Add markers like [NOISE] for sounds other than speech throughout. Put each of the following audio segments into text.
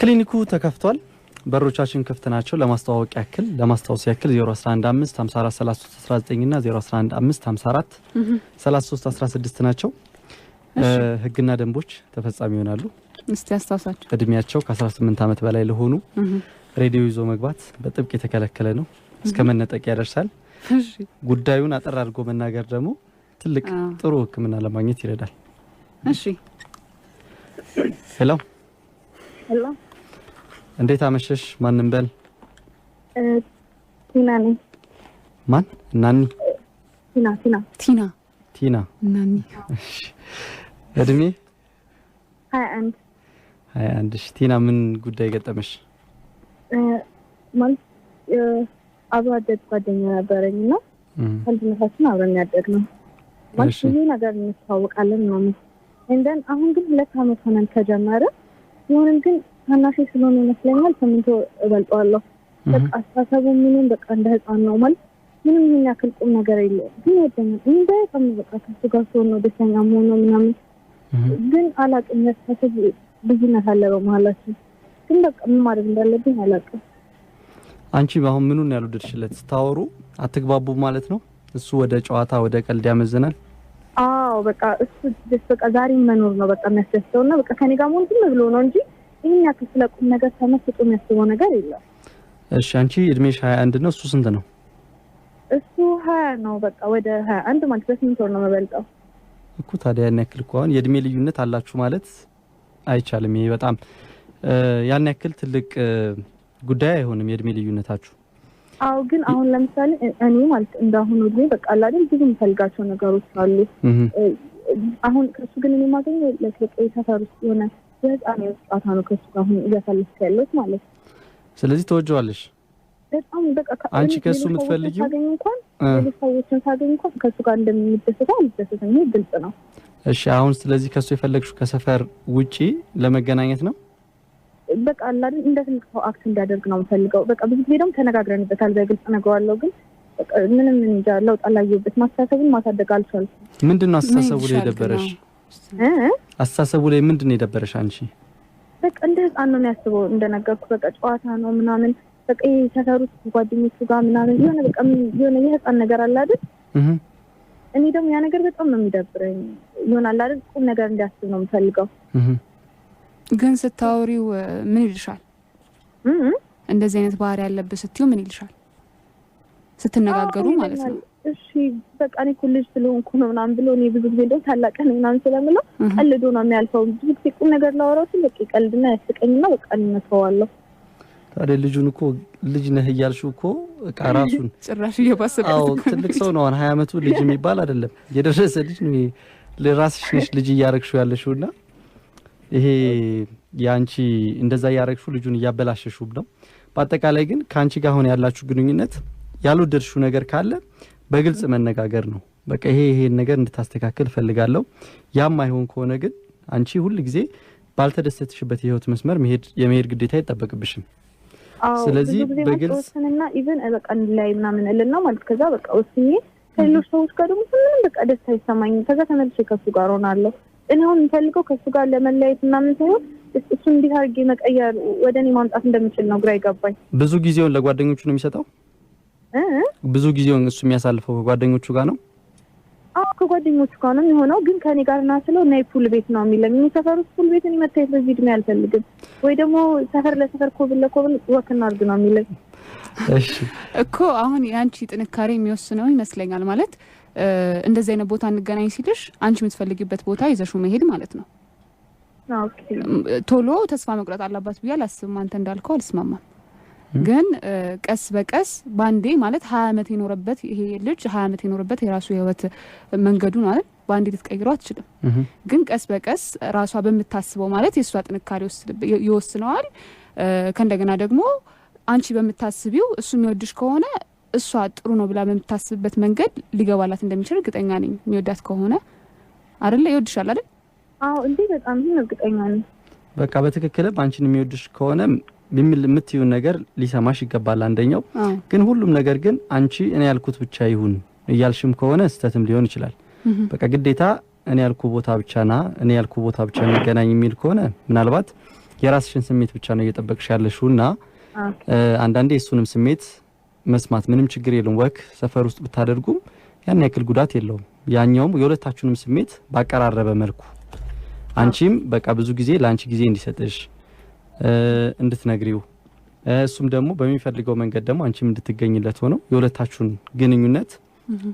ክሊኒኩ ተከፍቷል። በሮቻችን ክፍት ናቸው። ለማስተዋወቅ ያክል ለማስታወስ ያክል 0115543319 እና 0115543316 ናቸው። ህግና ደንቦች ተፈጻሚ ይሆናሉ። እስቲ አስታውሳቸው። እድሜያቸው ከ18 ዓመት በላይ ለሆኑ ሬዲዮ ይዞ መግባት በጥብቅ የተከለከለ ነው። እስከ መነጠቅ ያደርሳል። ጉዳዩን አጠር አድርጎ መናገር ደግሞ ትልቅ ጥሩ ህክምና ለማግኘት ይረዳል። እሺ ሄሎ እንዴት አመሸሽ? ማንም በል ቲና ነኝ። ማን? እናኒ ቲና ቲና ቲና ቲና እናኒ። እድሜ ሀያ አንድ ሀያ አንድ እሺ። ቲና ምን ጉዳይ ገጠመሽ? ማለት አብሮ አደግ ጓደኛ ነበረኝ እና ወንድነታችን አብረን ያደግ ነው ማለት ብዙ ነገር እንተዋወቃለን ምናምን እንደን አሁን ግን ሁለት አመት ሆነን ከጀመረ ግን ታናሽ ስለሆነ ይመስለኛል ስምንት እበልጠዋለሁ። በቃ አስተሳሰቡ ምንም በቃ እንደ ህፃን ነው ማለት ምንም ይህን ያክል ቁም ነገር የለውም። ግን ወደኛል እንደ ከም በቃ ከሱ ጋር ሲሆን ነው ደስተኛ መሆን ምናምን። ግን አላውቅም፣ ያስተሳሰብ ልዩነት አለ በመሀላችን። ግን በቃ ምን ማድረግ እንዳለብኝ አላውቅም። አንቺ አሁን ምኑን ያልወደድሽለት? ስታወሩ አትግባቡ ማለት ነው። እሱ ወደ ጨዋታ ወደ ቀልድ ያመዝናል። አዎ በቃ እሱ በቃ ዛሬ መኖር ነው በቃ የሚያስደስተው እና በቃ ከኔ ጋር መሆን ዝም ብሎ ነው እንጂ ይህን ያክል ስለ ቁም ነገር ተመስጦ የሚያስበው ነገር የለም። እሺ አንቺ እድሜሽ ሀያ አንድ ነው፣ እሱ ስንት ነው? እሱ ሀያ ነው። በቃ ወደ ሀያ አንድ ማለት በስምንት ወር ነው መበልጠው እኮ። ታዲያ ያን ያክል እኮ አሁን የእድሜ ልዩነት አላችሁ ማለት አይቻልም። ይሄ በጣም ያን ያክል ትልቅ ጉዳይ አይሆንም የእድሜ ልዩነታችሁ። አዎ ግን አሁን ለምሳሌ እኔ ማለት እንዳሁኑ እድሜ በቃ አይደል ብዙ የምፈልጋቸው ነገሮች አሉ። አሁን ከእሱ ግን እኔ የማገኘው ለትልቅ ሰፈር ውስጥ የሆነ በጣም የጨዋታ ነው ከሱ አሁን እያሳለፍክ ያለሁት ማለት ነው። ስለዚህ ተወጀዋለሽ በጣም በቃ አንቺ ከሱ የምትፈልጊ ሳገኝ እንኳን ሌሎች ሰዎችን ሳገኝ እንኳን ከሱ ጋር እንደምንደሰተው አልደሰትም። ይሄ ግልጽ ነው። እሺ አሁን ስለዚህ ከሱ የፈለግሽው ከሰፈር ውጪ ለመገናኘት ነው። በቃ አላደ እንደ ትልቅ ሰው አክት እንዲያደርግ ነው የምፈልገው። በቃ ብዙ ጊዜ ደግሞ ተነጋግረንበታል፣ በግልጽ እነግረዋለሁ። ግን ምንም እንጃ ለውጥ አላየሁበት። ማስተሳሰቡን ማሳደግ አልቻልኩም። ምንድን ነው አስተሳሰቡ ላይ የደበረሽ? አስተሳሰቡ ላይ ምንድን ነው የደበረሽ አንቺ? በቃ እንደ ህፃን ነው የሚያስበው። እንደነገርኩ በቃ ጨዋታ ነው ምናምን በቃ ሰፈር ውስጥ ጓደኞቹ ጋር ምናምን የሆነ በቃ የሆነ የህፃን ነገር አለ አይደል? እኔ ደግሞ ያ ነገር በጣም ነው የሚደብረኝ። ይሆናል አይደል? ቁም ነገር እንዲያስብ ነው የምፈልገው። ግን ስታወሪው ምን ይልሻል? እንደዚህ አይነት ባህሪ ያለብህ ስትዩ ምን ይልሻል? ስትነጋገሩ ማለት ነው እሺ በቃ እኔ ኮሌጅ ስለሆንኩ ነው ምናምን ብሎ እኔ ብዙ ጊዜ እንደውም ታላቅ ነኝ ምናምን ስለምለው ቀልዶ ነው የሚያልፈው። ብዙ ጊዜ ቁም ነገር ላወራው ሲል በቃ ቀልድና ያስቀኝና በቃ እንመሰዋለሁ። ታዲያ ልጁን እኮ ልጅ ነህ እያልሽው እኮ እቃ ራሱን [LAUGHS] ጭራሽ እየባሰበት። ትልቅ ሰው ነው አሁን ሀያ አመቱ ልጅ የሚባል አይደለም የደረሰ ልጅ ነው። ለራስሽ ነሽ ልጅ እያረግሽው ያለሽው እና ይሄ የአንቺ እንደዛ እያረግሽው ልጁን እያበላሸሽው ነው። በአጠቃላይ ግን ከአንቺ ጋር አሁን ያላችሁ ግንኙነት ያልወደድሽው ነገር ካለ በግልጽ መነጋገር ነው። በቃ ይሄ ይሄን ነገር እንድታስተካክል እፈልጋለሁ። ያም አይሆን ከሆነ ግን አንቺ ሁል ጊዜ ባልተደሰትሽበት የህይወት መስመር የመሄድ ግዴታ አይጠበቅብሽም። ስለዚህ በግልጽ እና ኢቨን በቃ ላይ ምናምን እልና ማለት ከዛ በቃ ወስኜ ከሌሎች ሰዎች ጋር ደግሞ ምንም በቃ ደስታ አይሰማኝም። ከዛ ተመልሼ ከሱ ጋር ሆናለሁ። እኔ አሁን የምፈልገው ከሱ ጋር ለመለያየት ምናምን ሳይሆን እሱ እንዲህ አድርጌ መቀየር ወደ እኔ ማምጣት እንደምችል ነው ግራ ይገባኝ። ብዙ ጊዜውን ለጓደኞቹ ነው የሚሰጠው ብዙ ጊዜውን እሱ የሚያሳልፈው ከጓደኞቹ ጋር ነው። አዎ ከጓደኞቹ ጋር ነው የሚሆነው። ግን ከኔ ጋር ና ስለው እና ፑል ቤት ነው የሚለኝ። እኔ ሰፈር ውስጥ ፑል ቤት እኔ መታየት በዚህ እድሜ አልፈልግም። ወይ ደግሞ ሰፈር ለሰፈር ኮብል ለኮብል ወክና እናድርግ ነው የሚለኝ። እሺ እኮ አሁን የአንቺ ጥንካሬ የሚወስነው ይመስለኛል። ማለት እንደዚህ አይነት ቦታ እንገናኝ ሲልሽ አንቺ የምትፈልጊበት ቦታ ይዘሹ መሄድ ማለት ነው። ቶሎ ተስፋ መቁረጥ አለባት ብዬ አላስብም። አንተ እንዳልከው አልስማማም። ግን ቀስ በቀስ ባንዴ ማለት ሀያ አመት የኖረበት ይሄ ልጅ ሀያ አመት የኖረበት የራሱ የህይወት መንገዱ ነው አይደል? በአንዴ ልትቀይረው አትችልም። ግን ቀስ በቀስ ራሷ በምታስበው ማለት የእሷ ጥንካሬ ይወስነዋል። ከእንደገና ደግሞ አንቺ በምታስቢው እሱ የሚወድሽ ከሆነ እሷ ጥሩ ነው ብላ በምታስብበት መንገድ ሊገባላት እንደሚችል እርግጠኛ ነኝ። የሚወዳት ከሆነ አደለ? ይወድሻል አይደል? አዎ፣ እንዴ በጣም ይህን እርግጠኛ ነኝ። በቃ በትክክልም አንቺን የሚወድሽ ከሆነ የምትዩን ነገር ሊሰማሽ ይገባል። አንደኛው ግን ሁሉም ነገር ግን አንቺ እኔ ያልኩት ብቻ ይሁን እያልሽም ከሆነ ስህተትም ሊሆን ይችላል። በቃ ግዴታ እኔ ያልኩ ቦታ ብቻ ና፣ እኔ ያልኩ ቦታ ብቻ የሚገናኝ የሚል ከሆነ ምናልባት የራስሽን ስሜት ብቻ ነው እየጠበቅሽ ያለሽው እና አንዳንዴ የእሱንም ስሜት መስማት ምንም ችግር የለውም። ወክ ሰፈር ውስጥ ብታደርጉም ያን ያክል ጉዳት የለውም። ያኛውም የሁለታችሁንም ስሜት ባቀራረበ መልኩ አንቺም በቃ ብዙ ጊዜ ለአንቺ ጊዜ እንዲሰጥሽ እንድትነግሪው እሱም ደግሞ በሚፈልገው መንገድ ደግሞ አንቺም እንድትገኝለት ሆነው የሁለታችሁን ግንኙነት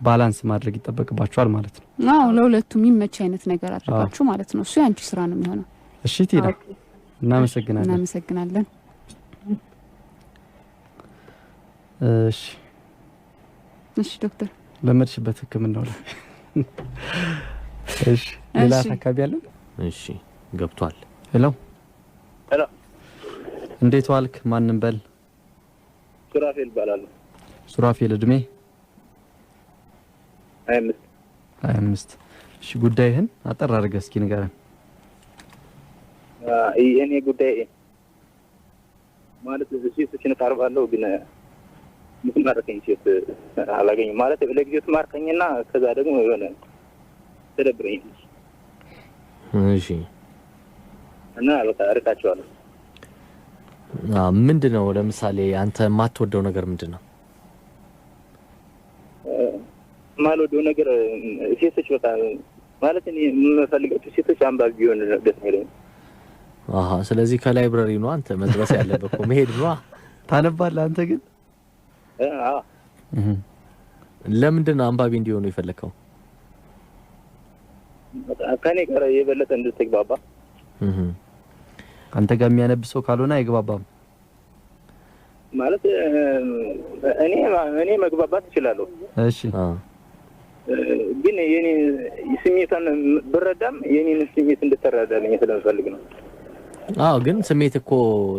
ባላንስ ማድረግ ይጠበቅባችኋል ማለት ነው። አዎ ለሁለቱም የሚመች አይነት ነገር አድርጋችሁ ማለት ነው። እሱ የአንቺ ስራ ነው የሚሆነው። እሺ ቲና፣ እናመሰግናለን። እናመሰግናለን። እሺ እሺ ዶክተር ለመድሽበት ህክምናው ላይ [LAUGHS] እሺ ሌላ ታካቢ አለን። እሺ ገብቷል። ሄሎ ሄሎ እንዴት ዋልክ? ማንም በል። ሱራፌል እባላለሁ። ሱራፌል እድሜ ሀያ አምስት ሀያ አምስት እሺ፣ ጉዳይህን አጠር አድርገህ እስኪ ንገረን። እኔ ጉዳይ ማለት እዚህ ሴቶችን እቀርባለሁ ግን የምትማርከኝ ሴት አላገኝም። ማለት ለጊዜው ትማርከኝና ከዛ ደግሞ የሆነ ተደብረኝ። እሺ እና በቃ እርቃቸዋለሁ ምንድን ነው ለምሳሌ አንተ የማትወደው ነገር ምንድን ነው? የማልወደው ነገር ሴቶች በጣም ማለት እኔ የምፈልጋቸው ሴቶች አንባቢ ቢሆን ደስ የሚለኝ። ስለዚህ ከላይብረሪ ነው አንተ መድረስ ያለበት መሄድ ነው። ታነባለህ አንተ ግን ለምንድን ነው አንባቢ እንዲሆኑ የፈለከው? ከኔ ጋር የበለጠ እንድትግባባ አንተ ጋር የሚያነብ ሰው ካልሆነ አይግባባም። ማለት እኔ እኔ መግባባት እችላለሁ። እሺ ግን የኔ ስሜቷን ብረዳም የኔን ስሜት እንድትረዳልኝ ስለምፈልግ ነው። አዎ ግን ስሜት እኮ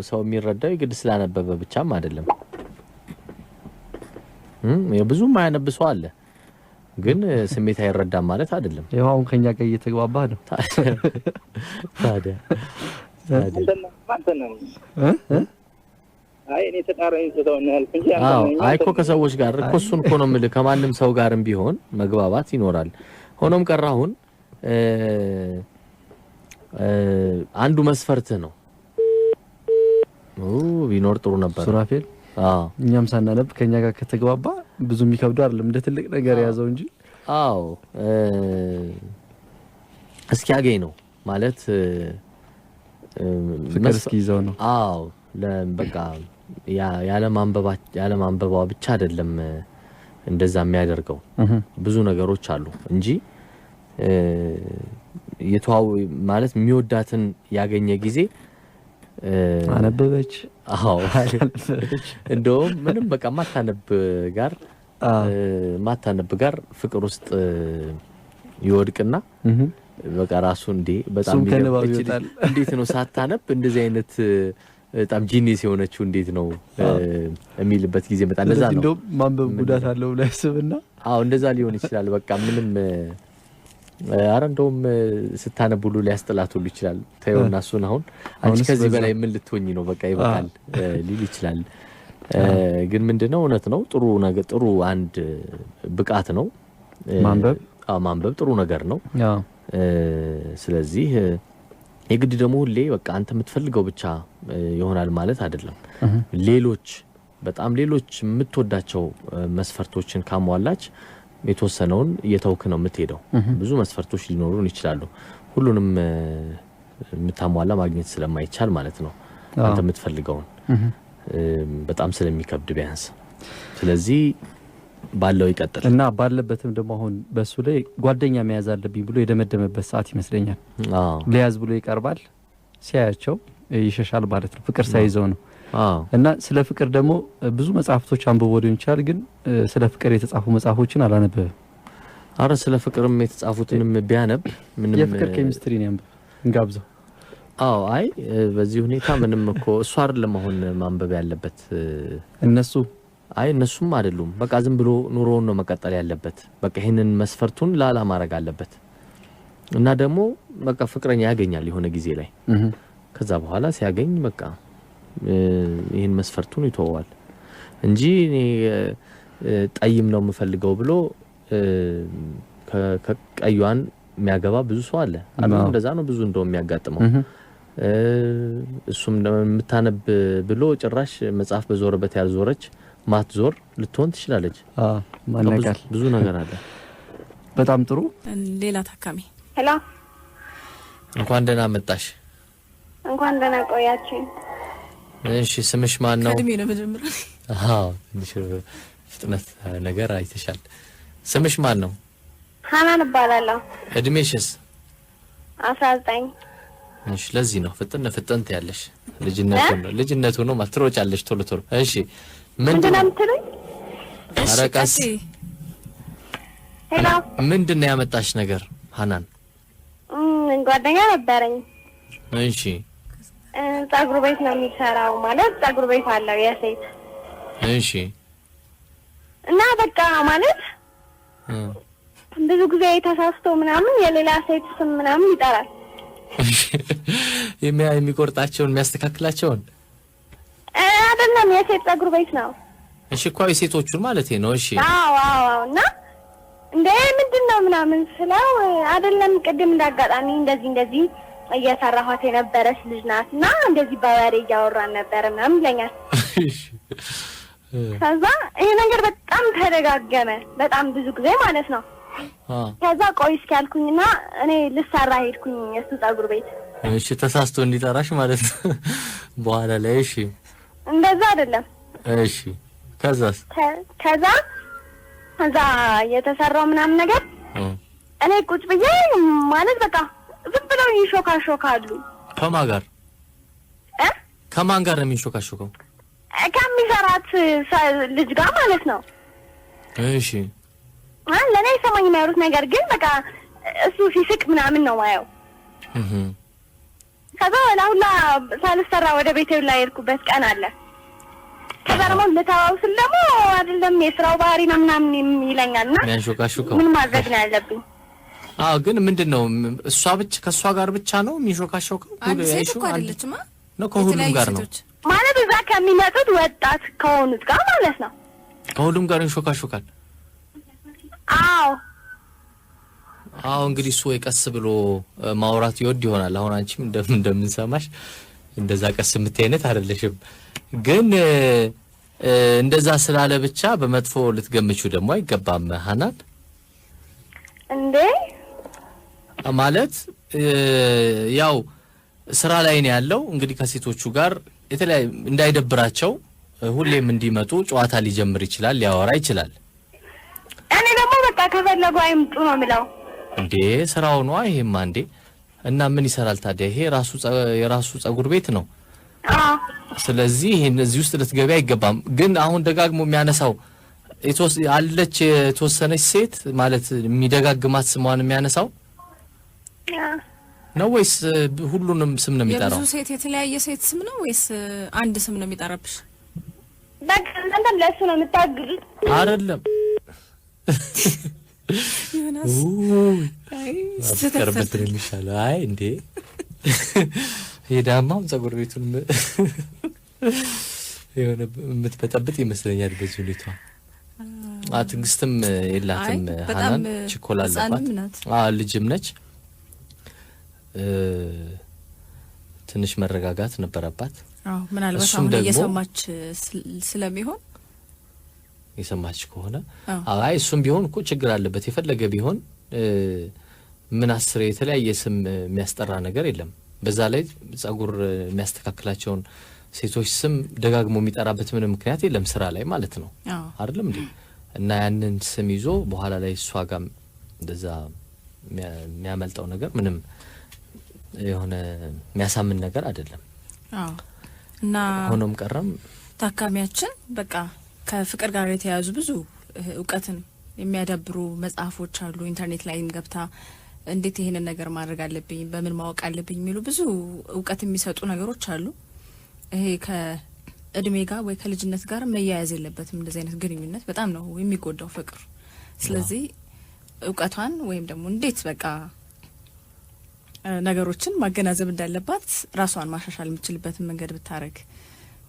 ሰው የሚረዳው የግድ ስላነበበ ብቻም አይደለም። ብዙ ማያነብ ሰው አለ፣ ግን ስሜት አይረዳም ማለት አይደለም። ይኸው አሁን ከኛ ጋር እየተግባባ ነው ታዲያ አይ እኮ ከሰዎች ጋር እኮ እሱን እኮ ነው የምልህ። ከማንም ሰው ጋርም ቢሆን መግባባት ይኖራል። ሆኖም ቀራሁን አንዱ መስፈርት ነው ቢኖር ጥሩ ነበር ሱራፌል። እኛም ሳናነብ ከእኛ ጋር ከተግባባ ብዙ የሚከብደው አይደለም፣ እንደ ትልቅ ነገር የያዘው እንጂ። አዎ እስኪያገኝ ነው ማለት ፍቅር እስኪይዘው ነው። አዎ በቃ ያለማንበቧ ብቻ አይደለም እንደዛ የሚያደርገው ብዙ ነገሮች አሉ እንጂ የተዋው ማለት የሚወዳትን ያገኘ ጊዜ አነበበች። አዎ እንደውም ምንም በቃ ማታነብ ጋር ማታነብ ጋር ፍቅር ውስጥ ይወድቅና በቃ ራሱ እንዴ በጣም እንዴት ነው ሳታነብ እንደዚህ አይነት በጣም ጂኒስ የሆነችው እንዴት ነው የሚልበት ጊዜ መጣ። እንደዛ ነው እንደውም ማንበብ ጉዳት አለው ብለህ አስብና፣ አዎ እንደዛ ሊሆን ይችላል። በቃ ምንም አረ እንደውም ስታነብ ሁሉ ሊያስጠላት ሁሉ ይችላል። ተይውና እሱን አሁን አንቺ ከዚህ በላይ ምን ልትሆኝ ነው በቃ ይበቃል ሊል ይችላል። ግን ምንድነው እውነት ነው ጥሩ ነገር ጥሩ አንድ ብቃት ነው ማንበብ። አዎ ማንበብ ጥሩ ነገር ነው። ስለዚህ የግድ ደግሞ ሁሌ በቃ አንተ የምትፈልገው ብቻ ይሆናል ማለት አይደለም። ሌሎች በጣም ሌሎች የምትወዳቸው መስፈርቶችን ካሟላች የተወሰነውን እየተውክ ነው የምትሄደው። ብዙ መስፈርቶች ሊኖሩን ይችላሉ። ሁሉንም የምታሟላ ማግኘት ስለማይቻል ማለት ነው አንተ የምትፈልገውን በጣም ስለሚከብድ ቢያንስ ስለዚህ ባለው ይቀጥል እና ባለበትም ደግሞ አሁን በእሱ ላይ ጓደኛ መያዝ አለብኝ ብሎ የደመደመበት ሰዓት ይመስለኛል። ሊያዝ ብሎ ይቀርባል፣ ሲያያቸው ይሸሻል ማለት ነው። ፍቅር ሳይዘው ነው እና ስለ ፍቅር ደግሞ ብዙ መጽሐፍቶች አንብቦ ሊሆን ይችላል፣ ግን ስለ ፍቅር የተጻፉ መጽሐፎችን አላነበብም። አረ ስለ ፍቅርም የተጻፉትንም ቢያነብ ምንም የፍቅር ኬሚስትሪ ነው ያንብብ፣ እንጋብዘው። አዎ አይ በዚህ ሁኔታ ምንም እኮ እሱ አይደለም አሁን ማንበብ ያለበት እነሱ አይ እነሱም አይደሉም። በቃ ዝም ብሎ ኑሮውን ነው መቀጠል ያለበት። በቃ ይህንን መስፈርቱን ላላ ማድረግ አለበት እና ደግሞ በቃ ፍቅረኛ ያገኛል የሆነ ጊዜ ላይ። ከዛ በኋላ ሲያገኝ በቃ ይህን መስፈርቱን ይተወዋል እንጂ እኔ ጠይም ነው የምፈልገው ብሎ ከቀዩዋን የሚያገባ ብዙ ሰው አለ። እንደዛ ነው ብዙ እንደው የሚያጋጥመው እሱም የምታነብ ብሎ ጭራሽ መጽሐፍ በዞረበት ያልዞረች ማትዞር ልትሆን ትችላለች። ማነቃል ብዙ ነገር አለ። በጣም ጥሩ። ሌላ ታካሚ ሄሎ፣ እንኳን ደህና መጣሽ። እንኳን ደህና ቆያችን። እሺ፣ ስምሽ ማን ነው? ከእድሜ ነው መጀመሪያ። ፍጥነት ነገር አይተሻል። ስምሽ ማን ነው? ሀናን እባላለሁ። እድሜሽስ? አስራ ዘጠኝ እሺ ለዚህ ነው ፍጥነ ፍጥንት ያለሽ ልጅነቱ ነው ልጅነቱ ነው። ማትሮጫለሽ ቶሎ ቶሎ። እሺ ምንድን ነው የምትለኝ? ኧረ ቀስ ሄሎ፣ ምንድን ነው ያመጣሽ ነገር ሀናን? ጓደኛ ነበረኝ። እሺ፣ ፀጉር ቤት ነው የሚሰራው። ማለት ፀጉር ቤት አለው የሴት። እሺ። እና በቃ ማለት ብዙ ጊዜ ተሳስቶ ምናምን የሌላ ሴት ስም ምናምን ይጠራል። የሚቆርጣቸውን የሚያስተካክላቸውን ሴት ጸጉር ቤት ነው። እሺ እኮ የሴቶቹን ማለት ነው። እሺ አዎ አዎ። እና እንደ ምንድን ነው ምናምን ስለው አይደለም ቅድም እንዳጋጣሚ እንደዚህ እንደዚህ እየሰራኋት የነበረች ልጅ ናት እና እንደዚህ በወሬ እያወራን ነበር ምናምን ይለኛል። ከዛ ይሄ ነገር በጣም ተደጋገመ፣ በጣም ብዙ ጊዜ ማለት ነው። ከዛ ቆይ እስኪ ያልኩኝና እኔ ልሰራ ሄድኩኝ እሱ ጸጉር ቤት። እሺ ተሳስቶ እንዲጠራሽ ማለት ነው በኋላ ላይ እሺ እንደዛ አይደለም። እሺ ከዛስ? ከዛ ከዛ የተሰራው ምናምን ነገር እኔ ቁጭ ብዬ ማለት በቃ ዝም ብለው ይሾካ ሾካ አሉ። ከማን ጋር ከማን ጋር ነው የሚሾካሾከው? ከሚሰራት ልጅ ጋር ማለት ነው። እሺ ለእኔ ሰማኝ ነገር ግን በቃ እሱ ሲስቅ ምናምን ነው ማየው ከዛ ሁላ ሳልሰራ ወደ ቤቴው ላይ የሄድኩበት ቀን አለ። ከዛ ደግሞ ልተዋው ስል ደግሞ አይደለም የስራው ባህሪ ነው ምናምን ይለኛል እና ምን ማድረግ ነው ያለብኝ? አዎ ግን ምንድን ነው እሷ ብቻ ከእሷ ጋር ብቻ ነው የሚሾካሾከው? ነው ከሁሉም ጋር ነው ማለት እዛ ከሚመጡት ወጣት ከሆኑት ጋር ማለት ነው ከሁሉም ጋር ይሾካሾካል። አሁ እንግዲህ እሱ ወይ ቀስ ብሎ ማውራት ይወድ ይሆናል። አሁን አንቺም እንደምንሰማሽ እንደዛ ቀስ የምታይ አይነት አይደለሽም። ግን እንደዛ ስላለ ብቻ በመጥፎ ልትገምቹ ደግሞ አይገባም ሀናን። እንዴ ማለት ያው ስራ ላይ ነው ያለው እንግዲህ ከሴቶቹ ጋር የተለያዩ እንዳይደብራቸው ሁሌም እንዲመጡ ጨዋታ ሊጀምር ይችላል፣ ሊያወራ ይችላል። እኔ ደግሞ በቃ ከፈለጉ አይምጡ ነው የምለው። እንዴ ስራው ነዋ። ይሄማ እንዴ! እና ምን ይሰራል ታዲያ? ይሄ የራሱ ጸጉር ቤት ነው። ስለዚህ ይሄን እዚህ ውስጥ ልትገቢ አይገባም። ግን አሁን ደጋግሞ የሚያነሳው አለች የተወሰነች ሴት ማለት የሚደጋግማት ስሟን የሚያነሳው ነው ወይስ ሁሉንም ስም ነው የሚጠራው? የብዙ ሴት የተለያየ ሴት ስም ነው ወይስ አንድ ስም ነው የሚጠራብሽ? በቃ እናንተም ለእሱ ነው የምታግሉት አይደለም? ሆናስቀርበት የሚሻለ አይ እንዴ ሄዳማም ጸጉር ቤቱን የሆነ የምትበጠብጥ ይመስለኛል። በዚህ ሁኔቷ ትዕግስትም የላትም። ሀናን ችኮላ አለባት። ልጅም ነች። ትንሽ መረጋጋት ነበረባት። ምናልባት አሁን እየሰማች ስለሚሆን የሰማች ከሆነ አይ እሱም ቢሆን እኮ ችግር አለበት የፈለገ ቢሆን ምን አስር የተለያየ ስም የሚያስጠራ ነገር የለም። በዛ ላይ ጸጉር የሚያስተካክላቸውን ሴቶች ስም ደጋግሞ የሚጠራበት ምንም ምክንያት የለም። ስራ ላይ ማለት ነው አይደለም እንዴ? እና ያንን ስም ይዞ በኋላ ላይ እሷ ጋር እንደዛ የሚያመልጠው ነገር ምንም የሆነ የሚያሳምን ነገር አይደለም። እና ሆኖም ቀረም ታካሚያችን በቃ ከፍቅር ጋር የተያያዙ ብዙ እውቀትን የሚያዳብሩ መጽሐፎች አሉ። ኢንተርኔት ላይም ገብታ እንዴት ይሄንን ነገር ማድረግ አለብኝ፣ በምን ማወቅ አለብኝ የሚሉ ብዙ እውቀት የሚሰጡ ነገሮች አሉ። ይሄ ከእድሜ ጋር ወይ ከልጅነት ጋር መያያዝ የለበትም። እንደዚህ አይነት ግንኙነት በጣም ነው የሚጎዳው ፍቅር። ስለዚህ እውቀቷን ወይም ደግሞ እንዴት በቃ ነገሮችን ማገናዘብ እንዳለባት ራሷን ማሻሻል የምችልበትን መንገድ ብታረግ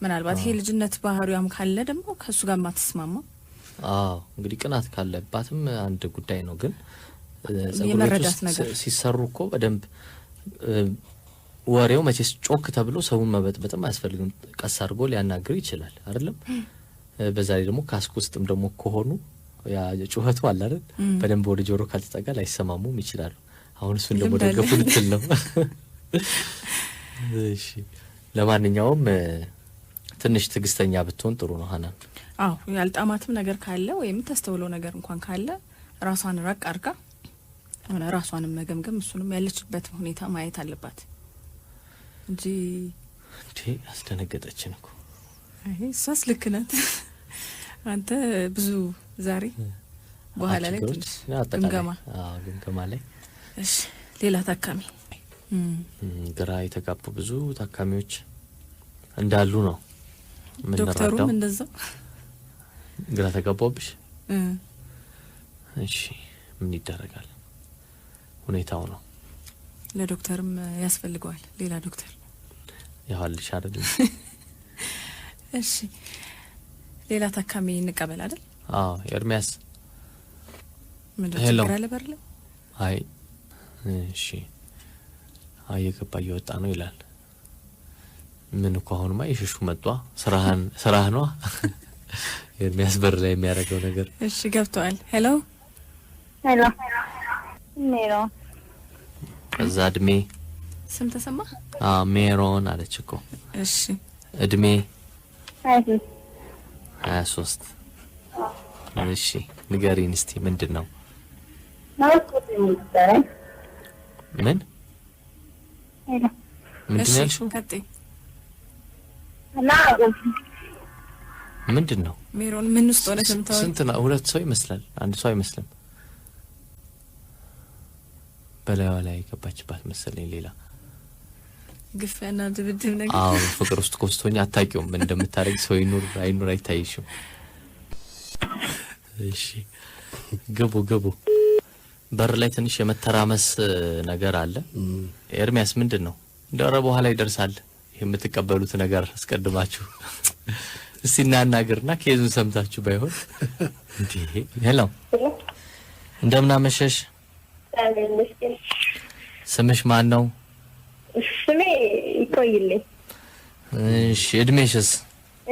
ምናልባት ይሄ ልጅነት ባህሪዋም ካለ ደግሞ ከእሱ ጋር ማትስማማ አዎ እንግዲህ ቅናት ካለባትም አንድ ጉዳይ ነው። ግን ጸጉሮች ሲሰሩ እኮ በደንብ ወሬው መቼስ ጮክ ተብሎ ሰውን መበጥበጥም አያስፈልግም። ቀስ አድርጎ ሊያናግር ይችላል አይደለም። በዛ ላይ ደግሞ ካስክ ውስጥም ደግሞ ከሆኑ ያ ጩኸቱ አለ አይደል፣ በደንብ ወደ ጆሮ ካልተጠጋ ላይሰማሙም ይችላሉ። አሁን እሱን ደግሞ ደገፉ ልትል ነው። [LAUGHS] እሺ ለማንኛውም ትንሽ ትግስተኛ ብትሆን ጥሩ ነው። ሀናን አዎ ያልጣማትም ነገር ካለ ወይም የምታስተውለው ነገር እንኳን ካለ ራሷን ራቅ አርጋ ሆነ ራሷንም መገምገም እሱንም ያለችበት ሁኔታ ማየት አለባት እንጂ እንዴ አስደነገጠችን እኮ እሷስ ልክ ናት። አንተ ብዙ ዛሬ በኋላ ላይ ትንሽ ግምገማ ግምገማ ላይ እሺ፣ ሌላ ታካሚ ግራ የተጋቡ ብዙ ታካሚዎች እንዳሉ ነው። ዶክተሩም እንደዛው ግራ ተገባብሽ። እሺ ምን ይደረጋል? ሁኔታው ነው። ለዶክተርም ያስፈልገዋል ሌላ ዶክተር ያዋልሽ አይደለም። [LAUGHS] እሺ ሌላ ታካሚ እንቀበል አይደል? አዎ ኤርሚያስ ምንድነው ችግር አለ በር ላይ አይ እሺ አየገባ እየወጣ ነው ይላል ምን እኮ አሁንማ የሸሹ መጧ [LAUGHS] ስራህ ኗ የሚያስበር ላይ የሚያደርገው ነገር እሺ፣ ገብተዋል። ሄሎ ሄሎ ሜሮ እዛ እድሜ ስም ተሰማ ሜሮን አለች እኮ እሺ፣ እድሜ ሀያ ሶስት እሺ፣ ንገሪን እስቲ ምንድን ነው ምን ምንድን ያልሽው? ምንድን ነው ሜሮን? ምን ውስጥ ሆነ? ስንት ነው? ሁለት ሰው ይመስላል። አንድ ሰው አይመስልም። በላይዋ ላይ የገባችባት መሰለኝ። ሌላ ግፈና ድብድብ ነገር። አዎ ፍቅር ውስጥ ኮስቶኝ አታውቂውም። ምን እንደምታደርግ ሰው ይኑር አይኑር አይታይሽም። እሺ ግቡ ግቡ። በር ላይ ትንሽ የመተራመስ ነገር አለ። ኤርሚያስ ምንድን ነው? እንደረ በኋላ ይደርሳል። የምትቀበሉት ነገር አስቀድማችሁ [LAUGHS] እስቲ እናናገርና ኬዙን ሰምታችሁ ባይሆን። እንዴ ሄሎ፣ እንደምን አመሸሽ? ስምሽ ማን ነው? ስሜ ይቆይልኝ። እሺ፣ እድሜሽስ?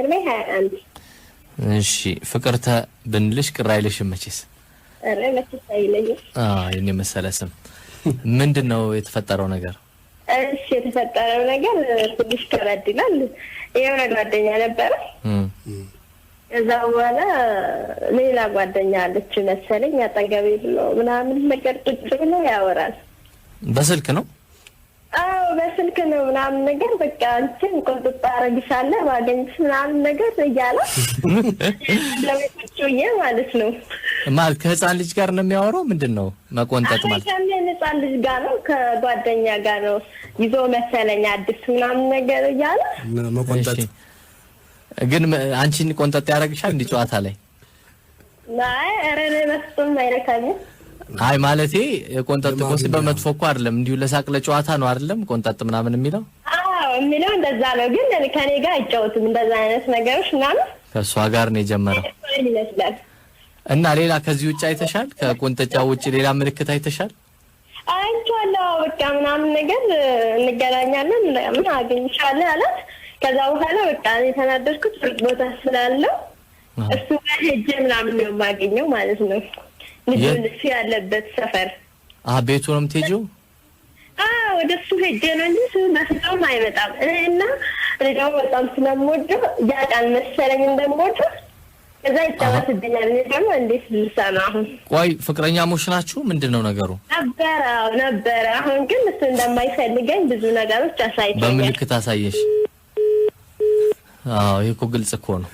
እድሜ ሀያ አንድ እሺ፣ ፍቅርተ ብንልሽ ቅር አይልሽም መቼስ? አረ መቼስ አይለኝም። አዎ የኔ መሰለ ስም ምንድን ነው የተፈጠረው ነገር? እሺ የተፈጠረው ነገር ትንሽ ከበድ ይላል። የሆነ ጓደኛ ነበረ። ከዛ በኋላ ሌላ ጓደኛ አለች መሰለኝ አጠገቤ ብሎ ምናምን ነገር ቁጭ ብሎ ያወራል። በስልክ ነው በስልክ ነው ምናምን ነገር በቃ አንቺን ቁልጥጣ አረግሻለሁ ባገኝሽ ምናምን ነገር እያለ ለቤቶችዬ ማለት ነው። ማለት ከህፃን ልጅ ጋር ነው የሚያወራው። ምንድን ነው መቆንጠጥ ማለት? ህፃን ልጅ ጋር ነው ከጓደኛ ጋር ነው ይዞ መሰለኝ አዲስ ምናምን ነገር እያለ መቆንጠጥ። ግን አንቺን ቆንጠጥ ያደረግሻል እንዲ ጨዋታ ላይ? አይ ኧረ እኔ በፍጹም አይረካኝም። አይ ማለቴ የቆንጠጥ ቁንስ በመጥፎ እኮ አይደለም፣ እንዲሁ ለሳቅ ለጨዋታ ነው አይደለም? ቆንጠጥ ምናምን የሚለው የሚለው እንደዛ ነው። ግን ከኔ ጋር አይጫወትም እንደዛ አይነት ነገሮች ምናምን። ከእሷ ጋር ነው የጀመረው እና ሌላ ከዚህ ውጭ አይተሻል? ከቆንጠጫ ውጭ ሌላ ምልክት አይተሻል? አይቻለሁ። በቃ ምናምን ነገር እንገናኛለን ምናምን አገኝሻለሁ አላት። ከዛ በኋላ በቃ የተናደድኩት ቦታ ስላለው እሱ ጋር ሄጄ ምናምን ነው የማገኘው ማለት ነው ምግብ ያለበት ሰፈር ቤቱ ነው የምትሄጂው? ወደ እሱ ሄጄ ነው እንጂ መስለውም አይመጣም። እና እኔ ደግሞ በጣም ስለምወደው ያውቃል መሰለኝ እንደምወደው እዛ ይጫወትብኛል። እኔ ደግሞ እንዴት ልሳ ነው አሁን። ቆይ ሞሽ ናችሁ? ምንድን ነው ነገሩ? ነበረ ነበረ። አሁን ግን እሱ እንደማይፈልገኝ ብዙ ነገሮች አሳይቶኛል። በምልክት አሳየሽ? አዎ ይህ እኮ ግልጽ እኮ ነው።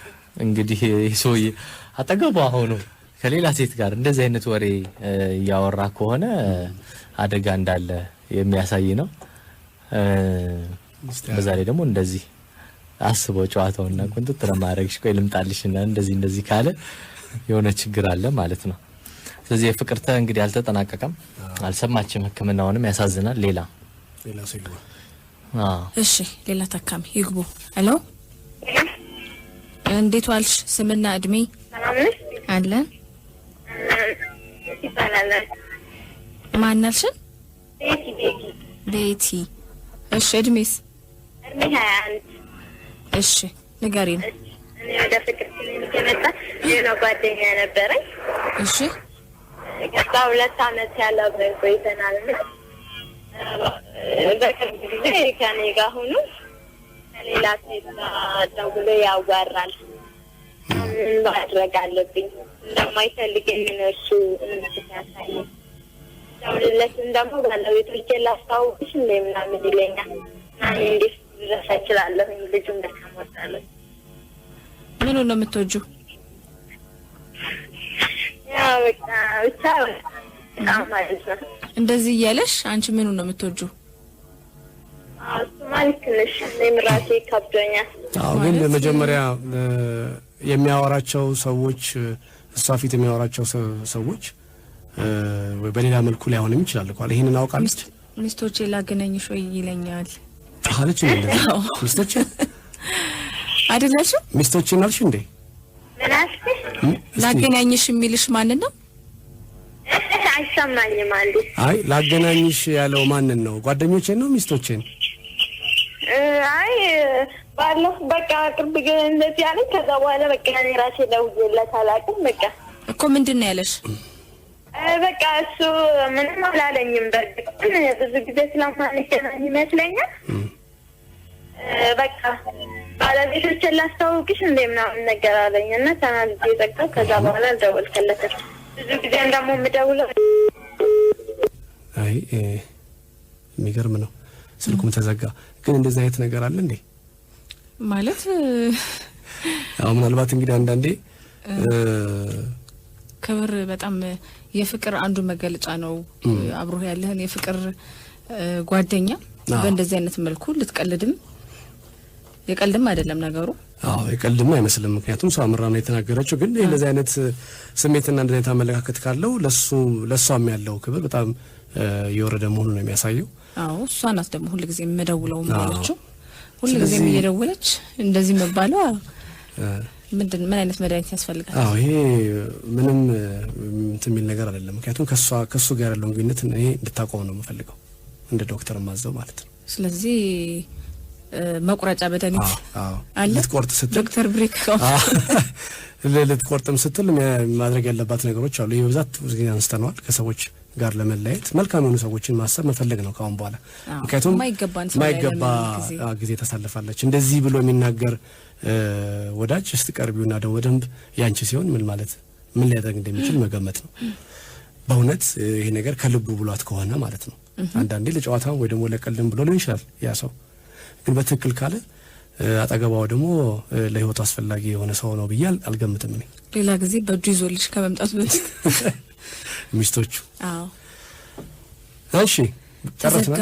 እንግዲህ ይህ ሰውዬ አጠገቡ አሁኑ ከሌላ ሴት ጋር እንደዚህ አይነት ወሬ እያወራ ከሆነ አደጋ እንዳለ የሚያሳይ ነው። በዛ ላይ ደግሞ እንደዚህ አስበው ጨዋታውና ቁንጥጥ ለማድረግሽ ቆይ ልምጣልሽና እንደዚህ እንደዚህ ካለ የሆነ ችግር አለ ማለት ነው። ስለዚህ የፍቅርተ እንግዲህ አልተጠናቀቀም፣ አልሰማችም። ሕክምናውንም ያሳዝናል። ሌላ እሺ፣ ሌላ ታካሚ ይግቡ። ሄሎ፣ እንዴት ዋልሽ? ስምና እድሜ አለን ይባላል። ማናልሽን? ቤቲ ቤቲ ቤቲ። እሺ እድሜስ? እድሜ ሀያ አንድ እሺ ንገሪ ነው። እኔ ወደ ፍቅር ክሊኒክ የመጣ የሆነ ጓደኛ ነበረኝ። እሺ ከዛ ሁለት አመት ያለ አብረን ቆይተናል። በቅርብ ጊዜ ከኔ ጋር ሆኖ ከሌላ ሴት ጋር ደውሎ ያዋራል። ማድረግ አለብኝ። እንደማይፈልገኝ እሱ ያሳየ ደግሞ ባለቤቶቼ ላስታውቅሽ እንደ ምናምን ይለኛል። እንዴት እችላለሁ? ልጁ ምን ነው የምትወጁ? እንደዚህ እያለሽ አንቺ ምኑ ነው የምትወጁ? እሱማ ልክ ነሽ። እኔም ራሴ ከብዶኛል። አዎ ግን መጀመሪያ የሚያወራቸው ሰዎች እሷ ፊት የሚያወራቸው ሰዎች በሌላ መልኩ ላይሆንም ይችላል እኮ ይህንን አውቃለች። ሚስቶቼ ላገናኝሽ ወይ ይለኛል አለች። ሚስቶች አይደላችሁ? ሚስቶች ናልሽ እንዴ? ላገናኝሽ የሚልሽ ማንን ነው? አይሰማኝም። አይ ላገናኝሽ ያለው ማንን ነው? ጓደኞቼን ነው ሚስቶቼን? አይ ባለሁ በቃ ቅርብ ግንኙነት ያለ ከዛ በኋላ በቃ እኔ ራሴ ደውዬለት አላውቅም። በቃ እኮ ምንድን ነው ያለሽ? በቃ እሱ ምንም አላለኝም። በእርግጥ ብዙ ጊዜ ስለማንገናኝ ይመስለኛል። በቃ ባለቤቶችን ላስታውቅሽ እንደ ምናምን ነገር አለኝ እና ተናድጄ ዘጋሁ። ከዛ በኋላ አልደወልኩለትም። ብዙ ጊዜ ደግሞ የምደውለው አይ የሚገርም ነው ስልኩም ተዘጋ። ግን እንደዚህ አይነት ነገር አለ እንዴ? ማለት አዎ፣ ምናልባት እንግዲህ አንዳንዴ ክብር በጣም የፍቅር አንዱ መገለጫ ነው። አብሮ ያለህን የፍቅር ጓደኛ በእንደዚህ አይነት መልኩ ልትቀልድም የቀልድም አይደለም ነገሩ። አዎ የቀልድም አይመስልም። ምክንያቱም ሰው አምራ ነው የተናገረችው። ግን እንደዚህ አይነት ስሜትና እንደዚህ አይነት አመለካከት ካለው ለሱ ለሷም ያለው ክብር በጣም የወረደ መሆኑ ነው የሚያሳየው። አዎ እሷ ናት ደግሞ ሁልጊዜ የምደውለው ማለችው ሁልጊዜም እየደወለች እንደዚህ መባሏ ምንድን ምን አይነት መድኃኒት ያስፈልጋል? አዎ ይሄ ምንም እንትን የሚል ነገር አይደለም። ምክንያቱም ከሷ ከሱ ጋር ያለውን ግንኙነት እኔ እንድታቆም ነው የምፈልገው እንደ ዶክተር ማዘው ማለት ነው። ስለዚህ መቁረጫ መድኃኒት አለ። ልትቆርጥ ስትል ዶክተር ብሬክ [LAUGHS] ልትቆርጥም ስትል ማድረግ ያለባት ነገሮች አሉ። ይህ በብዛት አንስተነዋል ከሰዎች ጋር ለመለያየት መልካም የሆኑ ሰዎችን ማሰብ መፈለግ ነው ከአሁን በኋላ። ምክንያቱም ማይገባ ጊዜ ታሳልፋለች። እንደዚህ ብሎ የሚናገር ወዳጅ እስቲ ቀርቢውና ደግሞ በደንብ ያንቺ ሲሆን ምን ማለት ምን ሊያደርግ እንደሚችል መገመት ነው። በእውነት ይሄ ነገር ከልቡ ብሏት ከሆነ ማለት ነው። አንዳንዴ ለጨዋታም ወይ ደግሞ ለቀልድም ብሎ ሊሆን ይችላል ያ ሰው ግን በትክክል ካለ አጠገባው ደግሞ ለህይወቱ አስፈላጊ የሆነ ሰው ነው ብዬ አልገምትም። እኔ ሌላ ጊዜ በእጁ ይዞልሽ ከመምጣቱ በፊት [LAUGHS] ሚስቶቹ። እሺ ተዘጋ